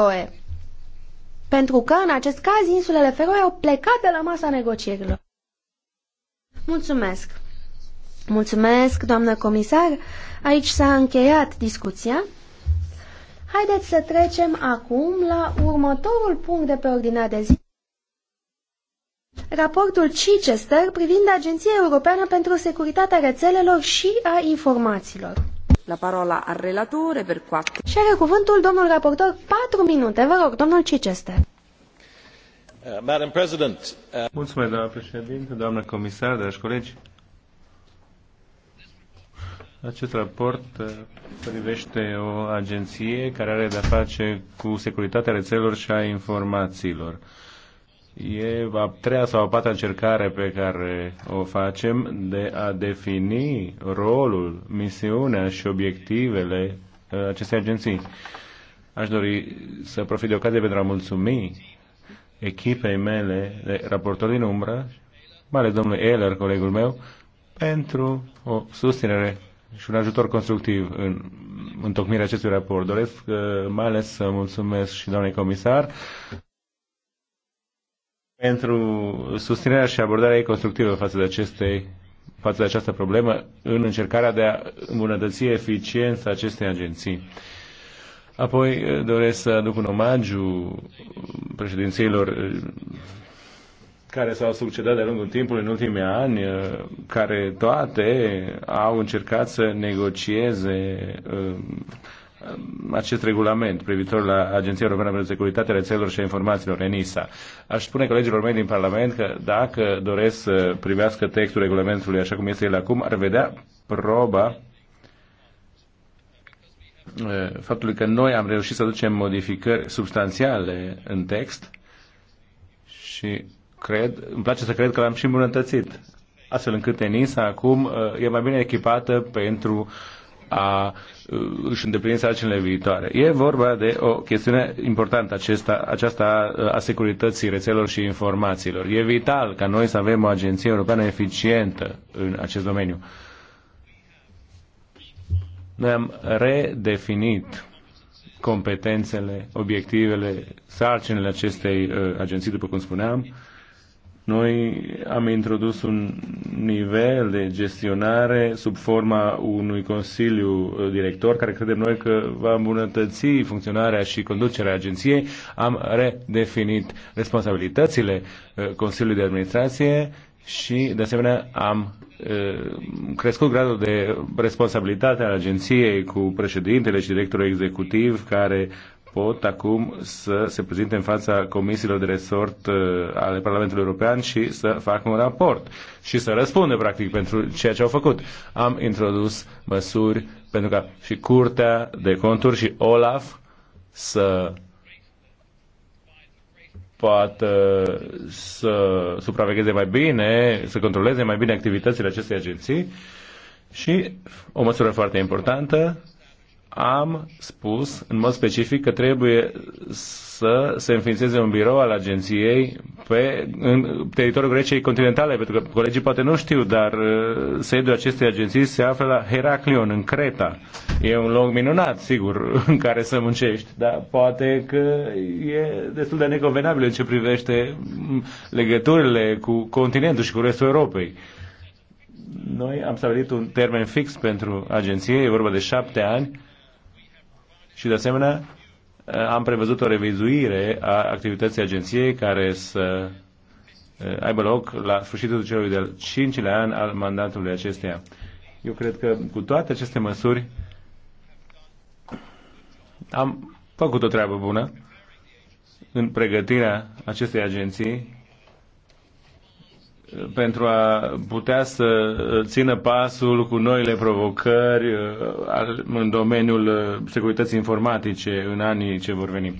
Feroe. Pentru că, în acest caz, insulele Feroe au plecat de la masa negocierilor. Mulțumesc! Mulțumesc, doamnă comisar! Aici s-a încheiat discuția. Haideți să trecem acum la următorul punct de pe ordinea de zi. Raportul Chichester privind Agenția Europeană pentru Securitatea Rețelelor și a Informațiilor. La parola al relatore per 4. Și are cuvântul domnul raportor 4 minute. Vă rog, domnul Ciceste. Uh, Madam President, uh... Mulțumesc, doamna președinte, doamna comisar, dragi colegi. Acest raport uh, privește o agenție care are de-a face cu securitatea rețelelor și a informațiilor. E a treia sau a patra încercare pe care o facem de a defini rolul, misiunea și obiectivele uh, acestei agenții. Aș dori să profit de ocazie pentru a mulțumi echipei mele de raportor din umbră, mai ales domnului Eller, colegul meu, pentru o susținere și un ajutor constructiv în întocmirea acestui raport. Doresc uh, mai ales să mulțumesc și doamnei comisar pentru susținerea și abordarea ei constructivă față de, aceste, față de această problemă în încercarea de a îmbunătăți eficiența acestei agenții. Apoi eh, doresc să aduc un omagiu președinților eh, care s-au succedat de-a lungul timpului în ultimii ani, eh, care toate au încercat să negocieze Um, acest regulament privitor la Agenția Europeană pentru Securitatea Rețelelor și a Informațiilor, ENISA. Aș spune colegilor mei din Parlament că dacă doresc să privească textul regulamentului așa cum este el acum, ar vedea proba uh, faptului că noi am reușit să aducem modificări substanțiale în text și cred, îmi place să cred că l-am și îmbunătățit, astfel încât ENISA acum uh, e mai bine echipată pentru uh, a își îndeplini sarcinile viitoare. E vorba de o chestiune importantă, acesta, aceasta a securității rețelor și informațiilor. E vital ca noi să avem o agenție europeană eficientă în acest domeniu. Noi am redefinit competențele, obiectivele, sarcinile acestei uh, agenții, după cum spuneam, noi am introdus un nivel de gestionare sub forma unui consiliu uh, director care credem noi că va îmbunătăți funcționarea și conducerea agenției. Am redefinit responsabilitățile uh, Consiliului de Administrație și, de asemenea, am uh, crescut gradul de responsabilitate al agenției cu președintele și directorul executiv care pot acum să se prezinte în fața comisiilor de resort uh, ale Parlamentului European și să facă un raport și să răspundă, practic, pentru ceea ce au făcut. Am introdus măsuri pentru ca și Curtea de Conturi și OLAF să poată să supravegheze mai bine, să controleze mai bine activitățile acestei agenții și o măsură foarte importantă am spus în mod specific că trebuie să se înființeze un birou al agenției pe, în teritoriul Greciei continentale, pentru că colegii poate nu știu, dar uh, sediul acestei agenții se află la Heraclion, în Creta. E un loc minunat, sigur, în care să muncești, dar poate că e destul de neconvenabil în ce privește mm, legăturile cu continentul și cu restul Europei noi am stabilit un termen fix pentru agenție, e vorba de șapte ani, și de asemenea, eh, am prevăzut o revizuire a activității agenției care să eh, aibă loc la sfârșitul celui de-al cincilea an al mandatului acesteia. Eu cred că cu toate aceste măsuri am făcut o treabă bună în pregătirea acestei agenții pentru a putea să țină pasul cu noile provocări uh, în domeniul uh, securității informatice în anii ce vor veni.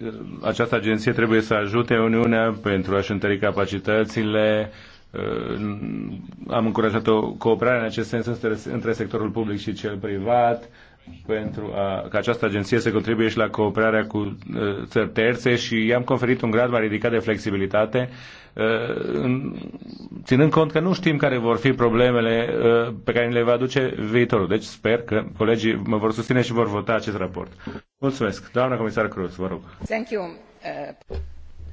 Uh, această agenție trebuie să ajute Uniunea pentru a-și întări capacitățile. Am încurajat o cooperare în acest sens între sectorul public și cel privat pentru a, ca această agenție să contribuie și la cooperarea cu uh, țări terțe și i-am conferit un grad mai ridicat de flexibilitate, uh, ținând cont că nu știm care vor fi problemele uh, pe care le va aduce viitorul. Deci sper că colegii mă vor susține și vor vota acest raport. Mulțumesc. Doamna comisar Cruz, vă rog. Thank you.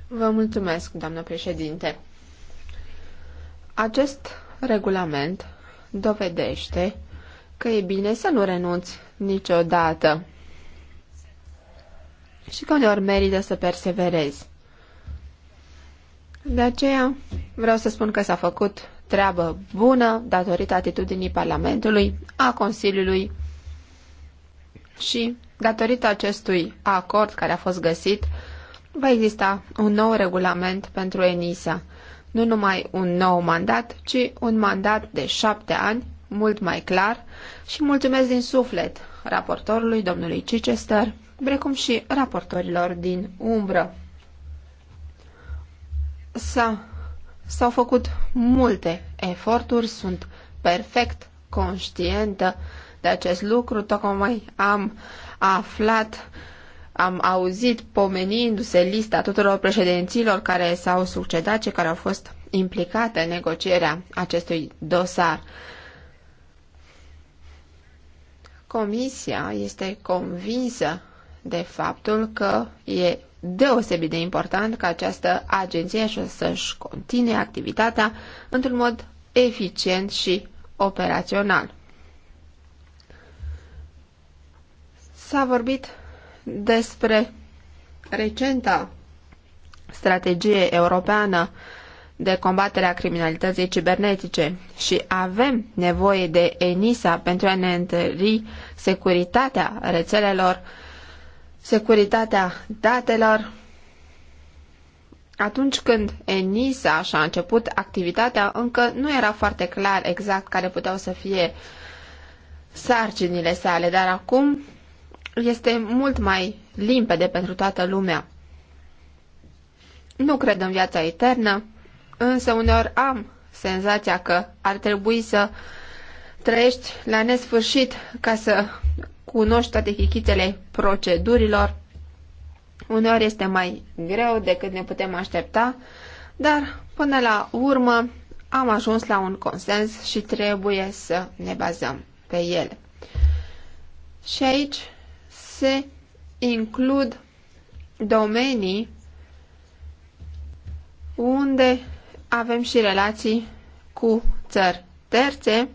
Vă mulțumesc, doamnă președinte. Acest regulament dovedește că e bine să nu renunți niciodată și că uneori merită să perseverezi. De aceea vreau să spun că s-a făcut treabă bună datorită atitudinii Parlamentului, a Consiliului și datorită acestui acord care a fost găsit, va exista un nou regulament pentru ENISA. Nu numai un nou mandat, ci un mandat de șapte ani mult mai clar și mulțumesc din suflet raportorului, domnului Chichester, precum și raportorilor din umbră. S-au făcut multe eforturi, sunt perfect conștientă de acest lucru, tocmai am aflat, am auzit pomenindu-se lista tuturor președinților care s-au succedat, cei care au fost implicate în negocierea acestui dosar. Comisia este convinsă de faptul că e deosebit de important ca această agenție să-și continue activitatea într-un mod eficient și operațional. S-a vorbit despre recenta strategie europeană de combaterea criminalității cibernetice și avem nevoie de ENISA pentru a ne întări securitatea rețelelor, securitatea datelor, atunci când ENISA și-a început activitatea, încă nu era foarte clar exact care puteau să fie sarcinile sale, dar acum este mult mai limpede pentru toată lumea. Nu cred în viața eternă, însă uneori am senzația că ar trebui să trăiești la nesfârșit ca să cunoști toate chichițele procedurilor. Uneori este mai greu decât ne putem aștepta, dar până la urmă am ajuns la un consens și trebuie să ne bazăm pe el. Și aici se includ domenii unde avem și relații cu țări terțe,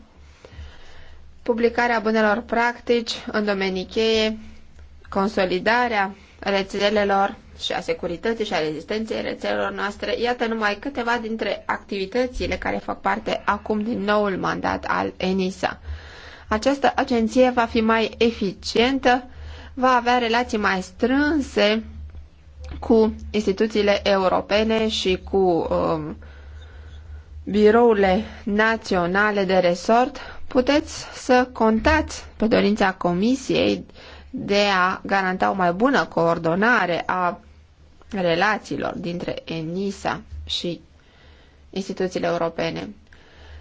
publicarea bunelor practici în domenii cheie, consolidarea rețelelor și a securității și a rezistenței rețelelor noastre, iată numai câteva dintre activitățile care fac parte acum din noul mandat al ENISA. Această agenție va fi mai eficientă, va avea relații mai strânse cu instituțiile europene și cu uh, birourile naționale de resort, puteți să contați pe dorința Comisiei de a garanta o mai bună coordonare a relațiilor dintre ENISA și instituțiile europene.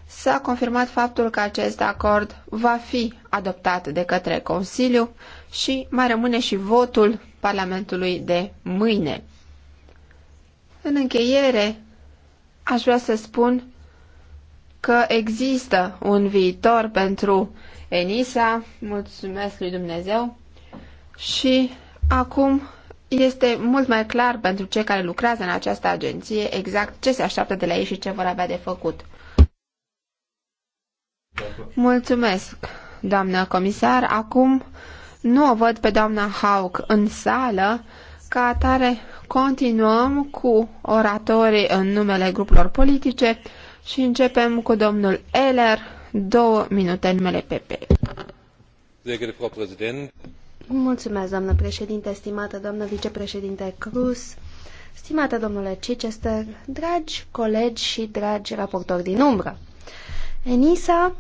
S-a confirmat faptul că acest acord va fi adoptat de către Consiliu și mai rămâne și votul Parlamentului de mâine. În încheiere, aș vrea să spun că există un viitor pentru Enisa, mulțumesc lui Dumnezeu, și acum este mult mai clar pentru cei care lucrează în această agenție exact ce se așteaptă de la ei și ce vor avea de făcut. Mulțumesc, doamnă comisar. Acum nu o văd pe doamna Hauk în sală, ca atare Continuăm cu oratorii în numele grupurilor politice și începem cu domnul Eller, două minute în numele PP. Mulțumesc, doamnă președinte, stimată doamnă vicepreședinte Cruz, stimată domnule Chichester, dragi colegi și dragi raportori din umbră. ENISA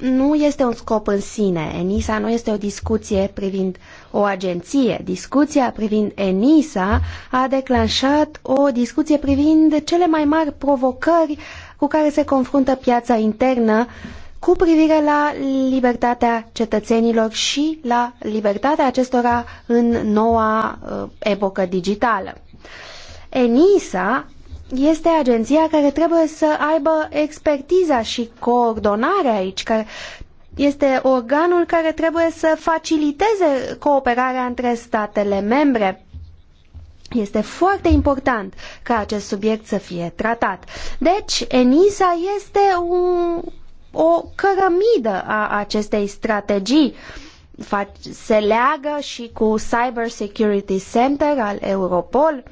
nu este un scop în sine. ENISA nu este o discuție privind o agenție. Discuția privind ENISA a declanșat o discuție privind cele mai mari provocări cu care se confruntă piața internă cu privire la libertatea cetățenilor și la libertatea acestora în noua uh, epocă digitală. ENISA este agenția care trebuie să aibă expertiza și coordonarea aici, care este organul care trebuie să faciliteze cooperarea între statele membre. Este foarte important ca acest subiect să fie tratat. Deci, ENISA este un, o cărămidă a acestei strategii. Se leagă și cu Cyber Security Center al Europol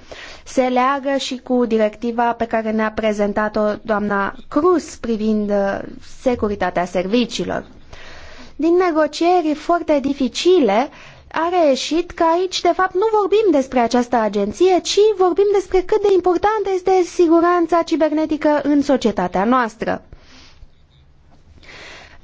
se leagă și cu directiva pe care ne-a prezentat-o doamna Cruz privind uh, securitatea serviciilor. Din negocieri foarte dificile, a reieșit că aici, de fapt, nu vorbim despre această agenție, ci vorbim despre cât de importantă este siguranța cibernetică în societatea noastră.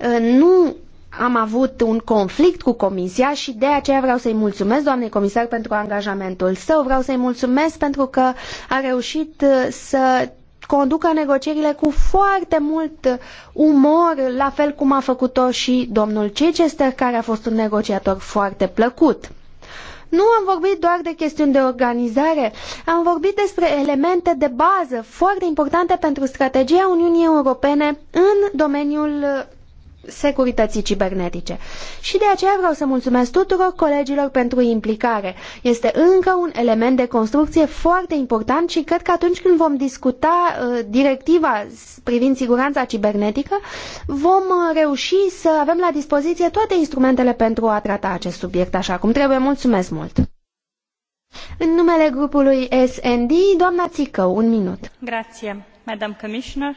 Uh, nu am avut un conflict cu comisia și de aceea vreau să-i mulțumesc doamnei comisar pentru angajamentul său, vreau să-i mulțumesc pentru că a reușit uh, să conducă negocierile cu foarte mult uh, umor, la fel cum a făcut-o și domnul Chichester, care a fost un negociator foarte plăcut. Nu am vorbit doar de chestiuni de organizare, am vorbit despre elemente de bază foarte importante pentru strategia Uniunii Europene în domeniul uh, securității cibernetice. Și de aceea vreau să mulțumesc tuturor colegilor pentru implicare. Este încă un element de construcție foarte important și cred că atunci când vom discuta uh, directiva privind siguranța cibernetică, vom uh, reuși să avem la dispoziție toate instrumentele pentru a trata acest subiect așa cum trebuie. Mulțumesc mult! În numele grupului SND, doamna Țicău, un minut. Grație, Madam Commissioner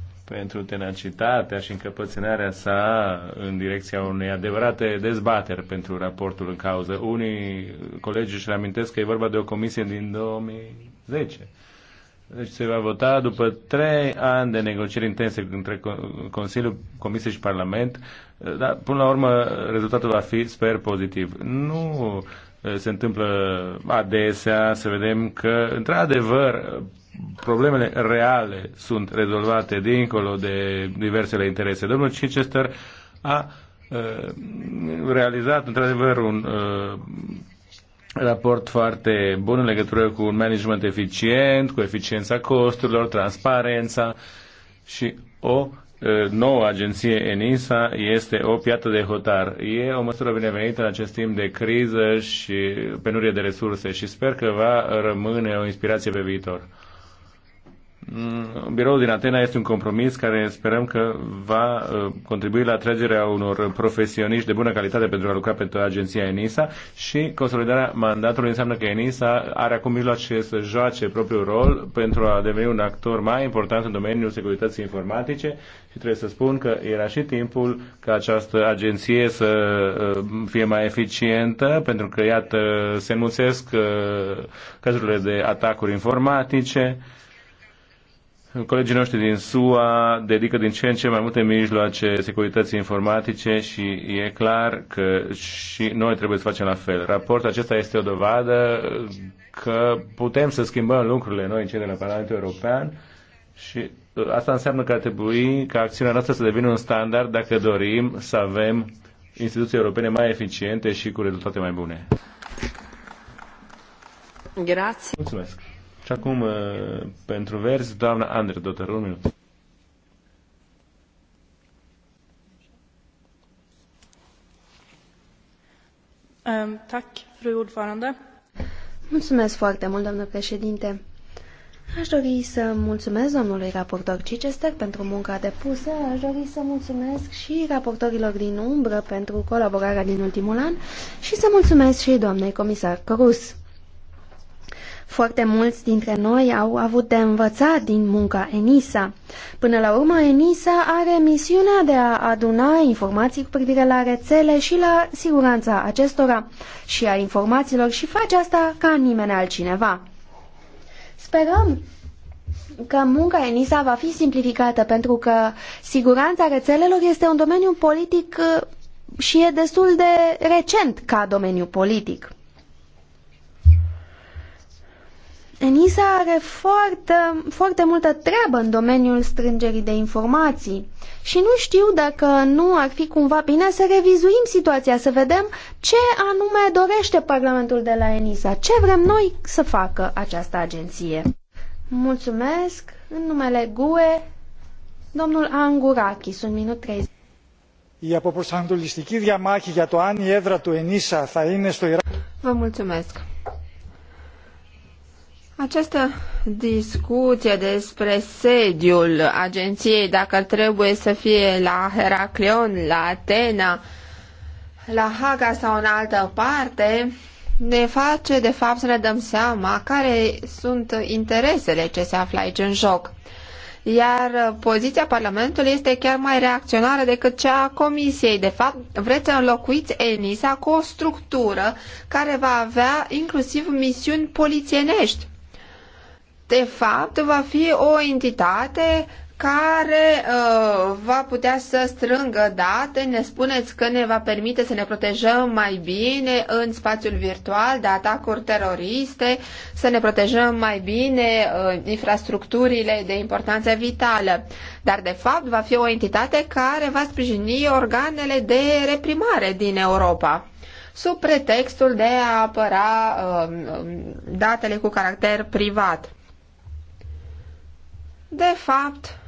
pentru tenacitatea și încăpățânarea sa în direcția unei adevărate dezbateri pentru raportul în cauză. Unii colegi își reamintesc că e vorba de o comisie din 2010. Deci se va vota după trei ani de negocieri intense între Consiliul, Comisie și Parlament, dar până la urmă rezultatul va fi, sper, pozitiv. Nu eh, se întâmplă adesea să vedem că, într-adevăr, problemele reale sunt rezolvate dincolo de diversele interese. Domnul Chichester a uh, realizat într-adevăr un uh, raport foarte bun în legătură cu un management eficient, cu eficiența costurilor, transparența și o uh, nouă agenție ENISA este o piată de hotar. E o măsură binevenită în acest timp de criză și penurie de resurse și sper că va rămâne o inspirație pe viitor. Mm, biroul din Atena este un compromis care sperăm că va uh, contribui la atragerea unor profesioniști de bună calitate pentru a lucra pentru agenția ENISA și consolidarea mandatului înseamnă că ENISA are acum mijloace să joace propriul rol pentru a deveni un actor mai important în domeniul securității informatice și trebuie să spun că era și timpul ca această agenție să uh, fie mai eficientă pentru că, iată, se înmulțesc uh, cazurile de atacuri informatice Colegii noștri din SUA dedică din ce în ce mai multe mijloace securității informatice și e clar că și noi trebuie să facem la fel. Raportul acesta este o dovadă că putem să schimbăm lucrurile noi, în cele la Parlamentul European, și asta înseamnă că ar trebui ca acțiunea noastră să devină un standard dacă dorim să avem instituții europene mai eficiente și cu rezultate mai bune. Grazie. Mulțumesc. Și acum, uh, pentru vers, doamna Andre, dotar, un minut. Um, mulțumesc foarte mult, doamnă președinte. Aș dori să mulțumesc domnului raportor Cicester pentru munca depusă, aș dori să mulțumesc și raportorilor din umbră pentru colaborarea din ultimul an și să mulțumesc și doamnei comisar Corus. Foarte mulți dintre noi au avut de învățat din munca ENISA. Până la urmă, ENISA are misiunea de a aduna informații cu privire la rețele și la siguranța acestora și a informațiilor și face asta ca nimeni altcineva. Sperăm că munca ENISA va fi simplificată pentru că siguranța rețelelor este un domeniu politic uh, și e destul de recent ca domeniu politic. ENISA are foarte, foarte multă treabă în domeniul strângerii de informații și nu știu dacă nu ar fi cumva bine să revizuim situația, să vedem ce anume dorește Parlamentul de la ENISA, ce vrem noi să facă această agenție. Mulțumesc. În numele GUE, domnul Angurachi, sunt minut 30. Η αποπροσανατολιστική διαμάχη για το αν η έδρα του ΕΝΙΣΑ θα είναι στο Ιράκ. Vă mulțumesc. Această discuție despre sediul agenției, dacă trebuie să fie la Heraclion, la Atena, la Haga sau în altă parte, ne face de fapt să ne dăm seama care sunt interesele ce se află aici în joc. Iar poziția Parlamentului este chiar mai reacționară decât cea a Comisiei. De fapt, vreți să înlocuiți ENISA cu o structură care va avea inclusiv misiuni polițienești de fapt, va fi o entitate care uh, va putea să strângă date. Ne spuneți că ne va permite să ne protejăm mai bine în spațiul virtual de atacuri teroriste, să ne protejăm mai bine uh, infrastructurile de importanță vitală. Dar, de fapt, va fi o entitate care va sprijini organele de reprimare din Europa sub pretextul de a apăra uh, um, datele cu caracter privat de fapt,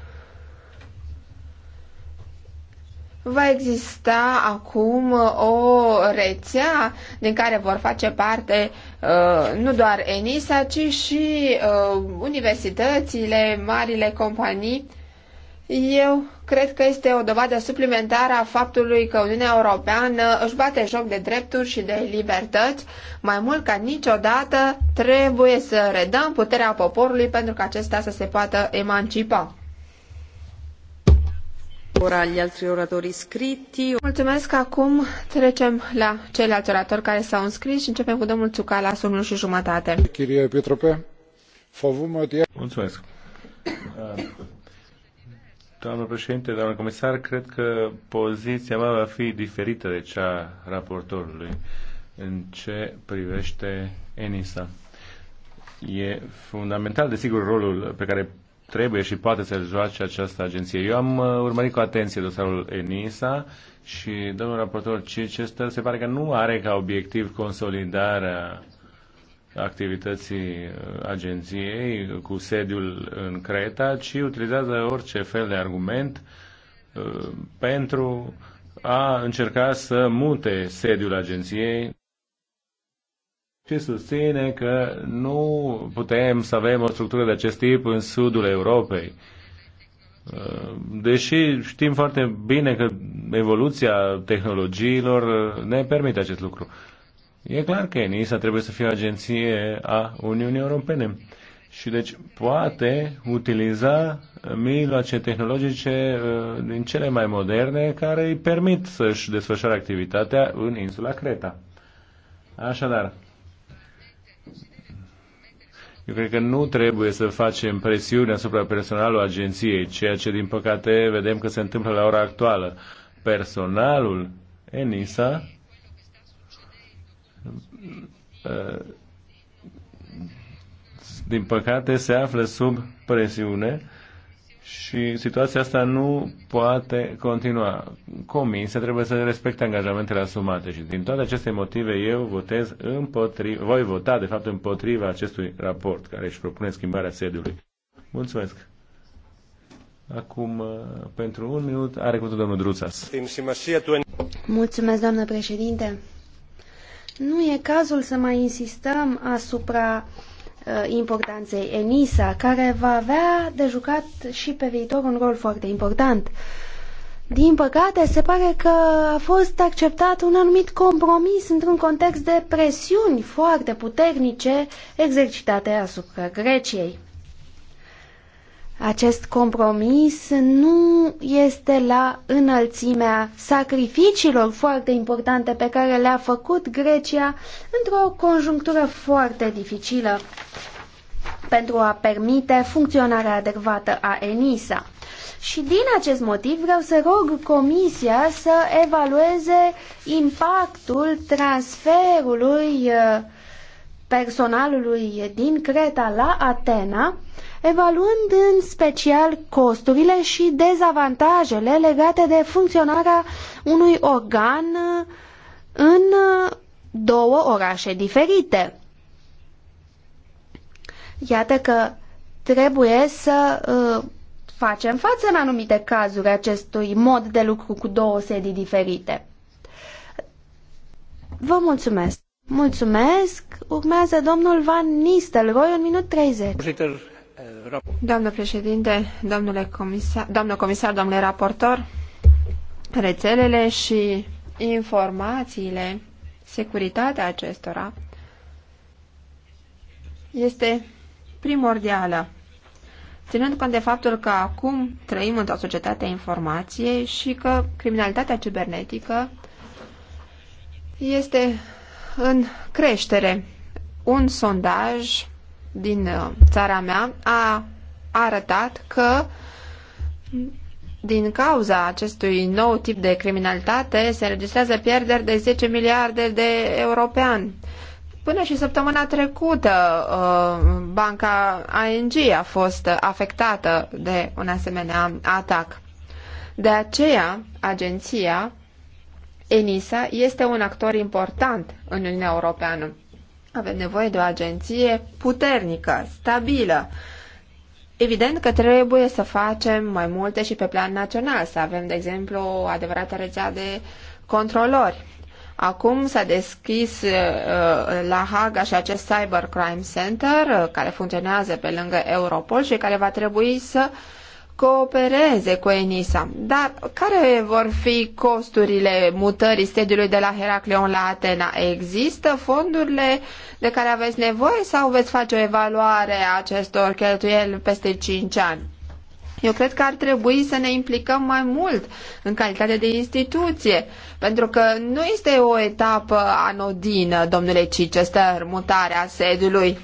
va exista acum o rețea din care vor face parte uh, nu doar ENISA, ci și uh, universitățile, marile companii eu cred că este o dovadă suplimentară a faptului că Uniunea Europeană își bate joc de drepturi și de libertăți. Mai mult ca niciodată trebuie să redăm puterea poporului pentru ca acesta să se poată emancipa. Mulțumesc. Acum trecem la ceilalți oratori care s-au înscris și începem cu domnul Țuca la minut și jumătate. Mulțumesc. Doamnă președinte, doamnă comisar, cred că poziția mea va fi diferită de cea raportorului în ce privește ENISA. E fundamental, desigur, rolul pe care trebuie și poate să-l joace această agenție. Eu am uh, urmărit cu atenție dosarul ENISA și domnul raportor Cicester se pare că nu are ca obiectiv consolidarea activității uh, agenției cu sediul în Creta, ci utilizează orice fel de argument uh, pentru a încerca să mute sediul agenției și susține că nu putem să avem o structură de acest tip în sudul Europei. Uh, deși știm foarte bine că evoluția tehnologiilor ne permite acest lucru. E clar că ENISA trebuie să fie o agenție a Uniunii Europene și deci poate utiliza mijloace tehnologice uh, din cele mai moderne care îi permit să-și desfășoare activitatea în insula Creta. Așadar, eu cred că nu trebuie să facem presiune asupra personalului agenției, ceea ce din păcate vedem că se întâmplă la ora actuală. Personalul ENISA Eh, din păcate, se află sub presiune și situația asta nu poate continua. Comisia trebuie să respecte angajamentele asumate și din toate aceste motive eu votez împotriva, voi vota de fapt împotriva acestui raport care își propune schimbarea sediului. Mulțumesc! Acum, eh, pentru un minut, are cuvântul domnul Druțas. Mulțumesc, doamnă președinte! Nu e cazul să mai insistăm asupra uh, importanței ENISA, care va avea de jucat și pe viitor un rol foarte important. Din păcate, se pare că a fost acceptat un anumit compromis într-un context de presiuni foarte puternice exercitate asupra Greciei. Acest compromis nu este la înălțimea sacrificiilor foarte importante pe care le-a făcut Grecia într-o conjunctură foarte dificilă pentru a permite funcționarea adecvată a ENISA. Și din acest motiv vreau să rog Comisia să evalueze impactul transferului uh, personalului din Creta la Atena evaluând în special costurile și dezavantajele legate de funcționarea unui organ în două orașe diferite. Iată că trebuie să uh, facem față în anumite cazuri acestui mod de lucru cu două sedii diferite. Vă mulțumesc! Mulțumesc! Urmează domnul Van Nistelrooy, un minut 30. Doamnă președinte, domnule comisar, doamnă comisar, domnule raportor, rețelele și informațiile, securitatea acestora este primordială. Ținând cont de faptul că acum trăim într-o societate a informației și că criminalitatea cibernetică este în creștere. Un sondaj din uh, țara mea a arătat că din cauza acestui nou tip de criminalitate se înregistrează pierderi de 10 miliarde de euro pe an. Până și săptămâna trecută, uh, banca ANG a fost afectată de un asemenea atac. De aceea, agenția ENISA este un actor important în Uniunea Europeană. Avem nevoie de o agenție puternică, stabilă. Evident că trebuie să facem mai multe și pe plan național, să avem, de exemplu, o adevărată rețea de controlori. Acum s-a deschis uh, uh la Haga și acest Crime Center, uh, care funcționează pe lângă Europol și care va trebui să uh, coopereze cu ENISA. Dar care vor fi costurile mutării sediului de la Heracleon la Atena? Există fondurile de care aveți nevoie sau veți face o evaluare a acestor cheltuieli peste 5 ani? Eu cred că ar trebui să ne implicăm mai mult în calitate de instituție, pentru că nu este o etapă anodină, domnule Cicester, mutarea sediului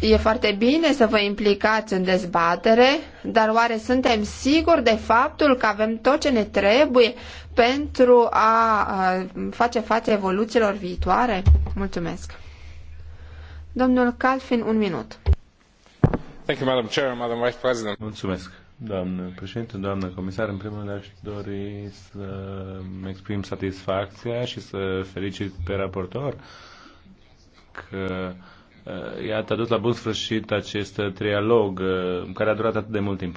E foarte bine să vă implicați în dezbatere, dar oare suntem siguri de faptul că avem tot ce ne trebuie pentru a face față evoluțiilor viitoare? Mulțumesc. Domnul Calfin, un minut. Thank you, Madam Chair, Madam Vice President. Mulțumesc. Doamnă președinte, doamnă comisar, în primul rând aș dori să exprim satisfacția și să felicit pe raportor că Eh, iată, a dus la bun sfârșit acest eh, trialog eh, care a durat atât de mult timp.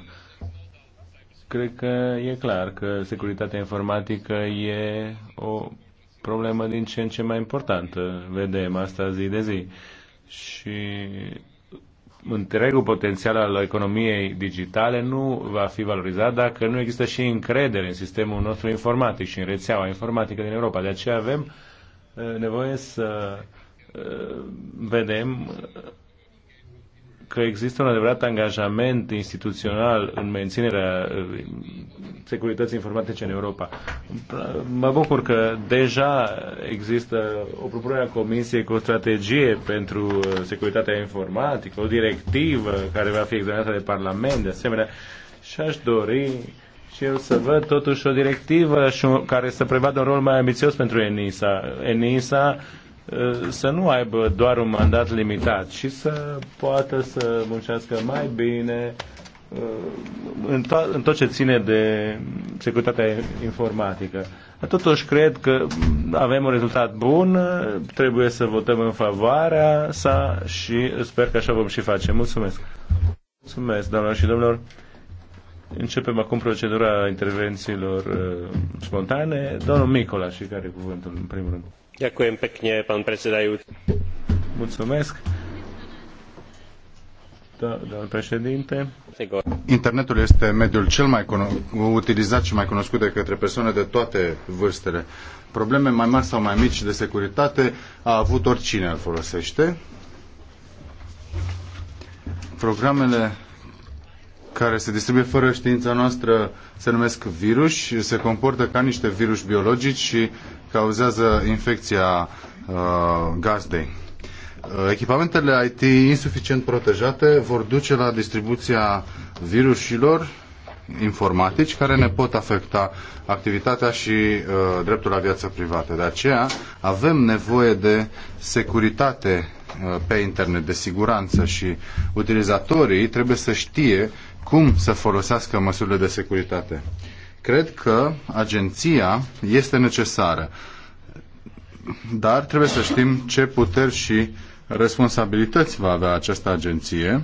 Cred că e clar că securitatea informatică e o problemă din ce în ce mai importantă. Vedem asta zi de zi. Și întregul potențial al economiei digitale nu va fi valorizat dacă nu există și încredere în sistemul nostru informatic și în rețeaua informatică din Europa. De aceea avem nevoie să vedem că există un adevărat angajament instituțional în menținerea uh, securității informatice în Europa. Mă bucur că deja există o propunere a Comisiei cu o strategie pentru uh, securitatea informatică, o directivă care va fi examinată de Parlament, de asemenea, și aș dori și eu să văd totuși o directivă și care să prevadă un rol mai ambițios pentru ENISA. ENISA să nu aibă doar un mandat limitat, ci să poată să muncească mai bine uh, în, to- în tot ce ține de securitatea informatică. Totuși, cred că avem un rezultat bun, trebuie să votăm în favoarea sa și sper că așa vom și face. Mulțumesc! Mulțumesc, doamnelor și domnilor! Începem acum procedura intervențiilor uh, spontane. Domnul Micola și care cuvântul în primul rând. Da, președinte. Internetul este mediul cel mai utilizat și mai cunoscut de către persoane de toate vârstele. Probleme mai mari sau mai mici de securitate a avut oricine îl folosește. Programele care se distribuie fără știința noastră se numesc virus, se comportă ca niște virus biologici și cauzează infecția uh, gazdei. Uh, echipamentele IT insuficient protejate vor duce la distribuția virusilor informatici care ne pot afecta activitatea și uh, dreptul la viață privată. De aceea avem nevoie de securitate uh, pe internet, de siguranță și utilizatorii trebuie să știe cum să folosească măsurile de securitate. Cred că agenția este necesară, dar trebuie să știm ce puteri și responsabilități va avea această agenție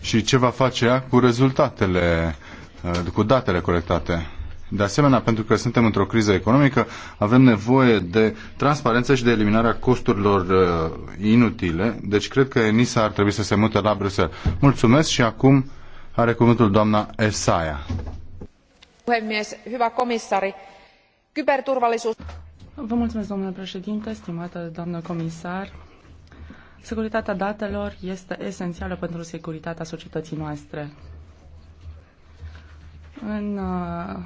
și ce va face ea cu rezultatele, cu datele colectate. De asemenea, pentru că suntem într-o criză economică, avem nevoie de transparență și de eliminarea costurilor uh, inutile. Deci cred că ENISA ar trebui să se mute la Bruxelles. Mulțumesc și acum are cuvântul doamna Esaia. Puhemies, hyvä komissari, kyberturvallisuus... Vă mulțumesc, domnule președinte, stimată doamnă comisar. Securitatea datelor este esențială pentru securitatea societății noastre. În uh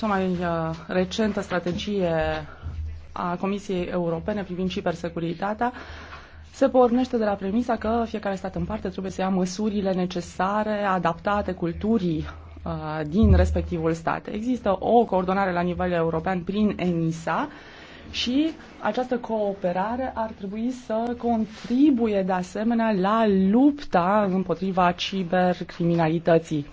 cea mai uh, recentă strategie a Comisiei Europene privind cibersecuritatea se pornește de la premisa că fiecare stat în parte trebuie să ia măsurile necesare, adaptate culturii uh, din respectivul stat. Există o coordonare la nivel european prin ENISA și această cooperare ar trebui să contribuie de asemenea la lupta împotriva cibercriminalității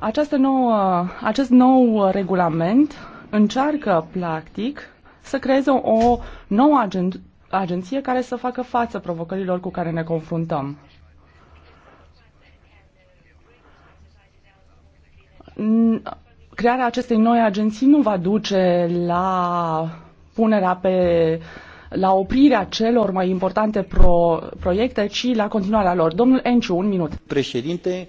această nouă, acest nou regulament încearcă, practic, să creeze o nouă agen- agenție care să facă față provocărilor cu care ne confruntăm. Crearea acestei noi agenții nu va duce la punerea pe la oprirea celor mai importante pro, proiecte, ci la continuarea lor. Domnul Enciu, un minut. Președinte,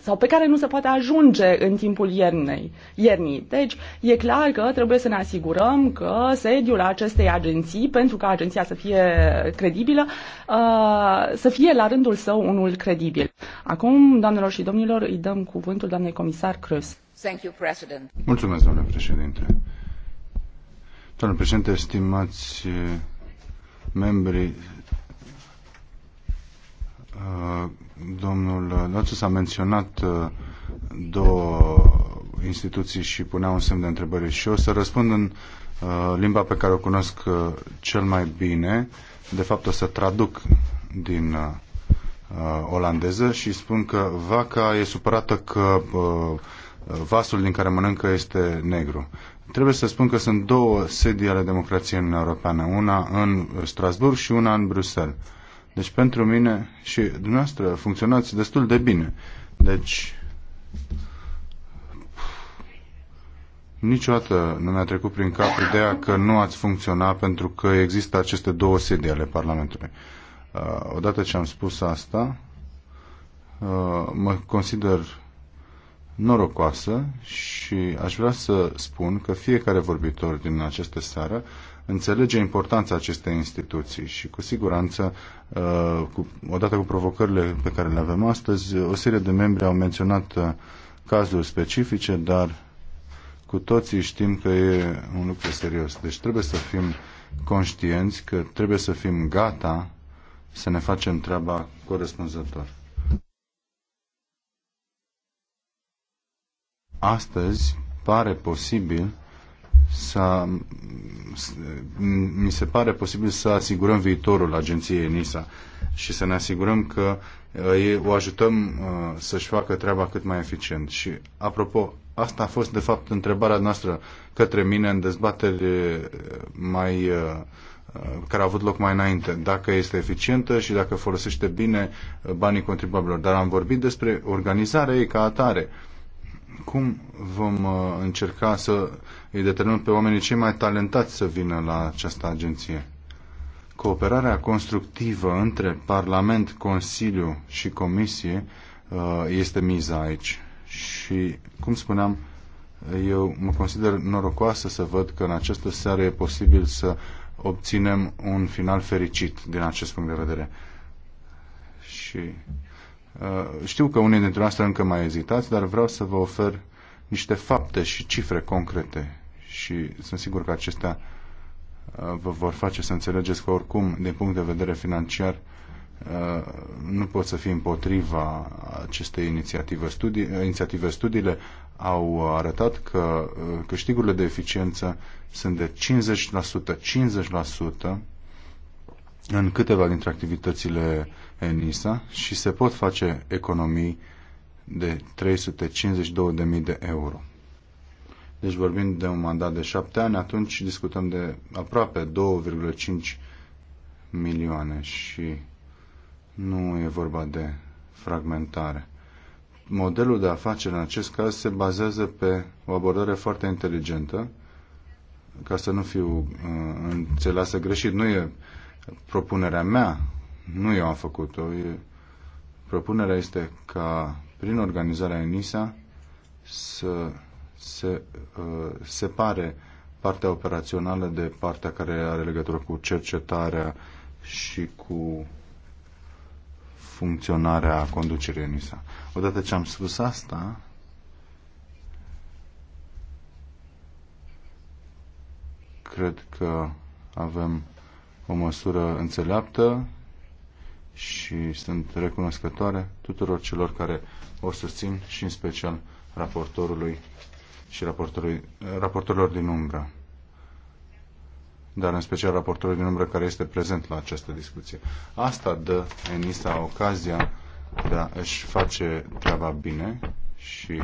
sau pe care nu se poate ajunge în timpul iernei, iernii. Deci, e clar că trebuie să ne asigurăm că sediul acestei agenții, pentru ca agenția să fie credibilă, uh, să fie la rândul său unul credibil. Acum, doamnelor și domnilor, îi dăm cuvântul doamnei comisar Cruz. Mulțumesc, domnule președinte. Domnule președinte, stimați eh, membrii Uh, domnul Dacius a menționat uh, două instituții și punea un semn de întrebări și o să răspund în uh, limba pe care o cunosc cel mai bine. De fapt, o să traduc din olandeză și spun că vaca e supărată că vasul din care mănâncă este negru. Trebuie să spun că sunt două sedii ale democrației în Europeană, una în Strasburg și una în Bruxelles. Deci pentru mine și dumneavoastră funcționați destul de bine. Deci niciodată nu mi-a trecut prin cap ideea că nu ați funcționa pentru că există aceste două sedi ale Parlamentului. Uh, odată ce am spus asta, uh, mă consider norocoasă și aș vrea să spun că fiecare vorbitor din această seară înțelege importanța acestei instituții și cu siguranță, uh, cu, odată cu provocările pe care le avem astăzi, o serie de membri au menționat uh, cazuri specifice, dar cu toții știm că e un lucru serios. Deci trebuie să fim conștienți că trebuie să fim gata să ne facem treaba corespunzător. astăzi pare posibil să mi se pare posibil să asigurăm viitorul agenției NISA și să ne asigurăm că uh, o ajutăm uh, să-și facă treaba cât mai eficient. Și apropo, asta a fost de fapt întrebarea noastră către mine în dezbateri uh, mai care a avut loc mai înainte, dacă este eficientă și dacă folosește bine banii contribuabililor. Dar am vorbit despre organizarea ei ca atare. Uh, cum vom uh, încerca să îi determinăm pe oamenii cei mai talentați să vină la această agenție? Cooperarea constructivă între Parlament, Consiliu și Comisie uh, este miza aici. Și, cum spuneam, eu mă consider norocoasă să văd că în această seară e posibil să obținem un final fericit din acest punct de vedere. Și Uh, știu că unii dintre noastre încă mai ezitați, dar vreau să vă ofer niște fapte și cifre concrete și sunt sigur că acestea uh, vă vor face să înțelegeți că oricum, din punct de vedere financiar, uh, nu pot să fi împotriva acestei inițiative. Studii, inițiative studiile au arătat că câștigurile de eficiență sunt de 50%, 50% în câteva dintre activitățile ENISA și se pot face economii de 352.000 de euro. Deci vorbim de un mandat de 7 ani, atunci discutăm de aproape 2,5 milioane și nu e vorba de fragmentare. Modelul de afaceri în acest caz se bazează pe o abordare foarte inteligentă, ca să nu fiu uh, înțeleasă greșit, nu e propunerea mea nu eu am făcut-o. Propunerea este ca prin organizarea ENISA să se uh, separe partea operațională de partea care are legătură cu cercetarea și cu funcționarea conducerii ENISA. Odată ce am spus asta, cred că avem o măsură înțeleaptă și sunt recunoscătoare tuturor celor care o susțin și în special raportorului și raportorului, raportorilor din umbră dar în special raportorul din umbră care este prezent la această discuție. Asta dă Enisa ocazia de a își face treaba bine și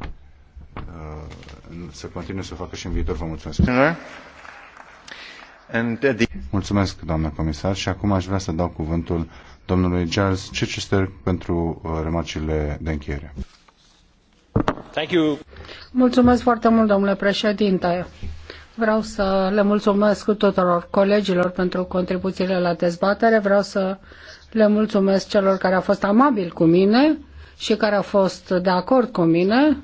uh, să continue să o facă și în viitor. Vă mulțumesc. Uh, mulțumesc, doamnă comisar, și acum aș vrea să dau cuvântul domnului Charles Chichester pentru uh, remarcile de încheiere. Thank you. Mulțumesc foarte mult, domnule președinte. Vreau să le mulțumesc tuturor colegilor pentru contribuțiile la dezbatere. Vreau să le mulțumesc celor care au fost amabili cu mine și care au fost de acord cu mine.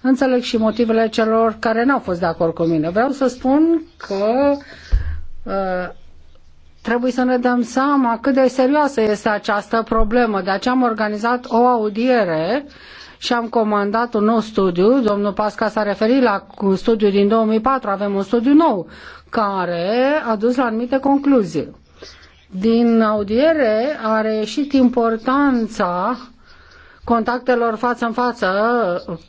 Înțeleg și motivele celor care n-au fost de acord cu mine. Vreau să spun că Uh, trebuie să ne dăm seama cât de serioasă este această problemă. De aceea am organizat o audiere și am comandat un nou studiu. Domnul Pasca s-a referit la un studiu din 2004. Avem un studiu nou care a dus la anumite concluzii. Din audiere a reieșit importanța contactelor față în față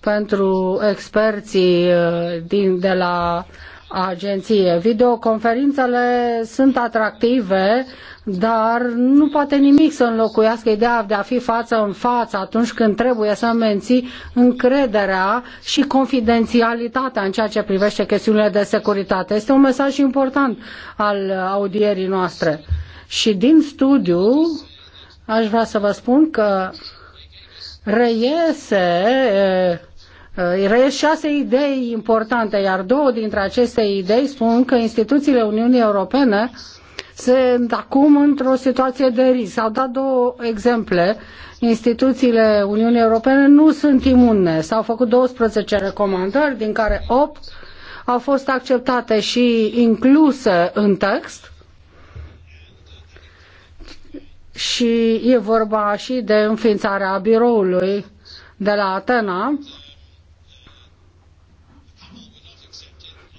pentru experții uh, din, de la agenție. Videoconferințele sunt atractive, dar nu poate nimic să înlocuiască ideea de a fi față în față atunci când trebuie să menții încrederea și confidențialitatea în ceea ce privește chestiunile de securitate. Este un mesaj important al audierii noastre. Și din studiu aș vrea să vă spun că reiese Uh, șase idei importante, iar două dintre aceste idei spun că instituțiile Uniunii Europene sunt acum într-o situație de risc. S-au dat două exemple. Instituțiile Uniunii Europene nu sunt imune. S-au făcut 12 recomandări, din care opt au fost acceptate și incluse în text. Și e vorba și de înființarea biroului de la Atena,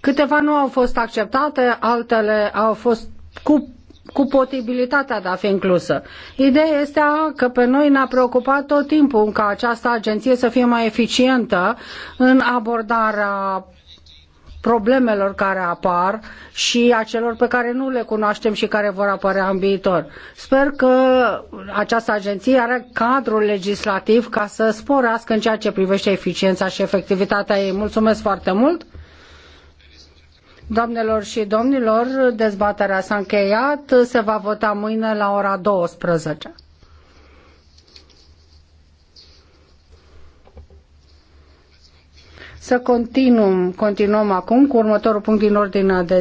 Câteva nu au fost acceptate, altele au fost cu cu posibilitatea de a fi inclusă. Ideea este că pe noi ne-a preocupat tot timpul ca această agenție să fie mai eficientă în abordarea problemelor care apar și a celor pe care nu le cunoaștem și care vor apărea în viitor. Sper că această agenție are cadrul legislativ ca să sporească în ceea ce privește eficiența și efectivitatea ei. Mulțumesc foarte mult! Doamnelor și domnilor, dezbaterea s-a încheiat, se va vota mâine la ora 12. Să continuăm, continuăm acum cu următorul punct din ordinea de zi.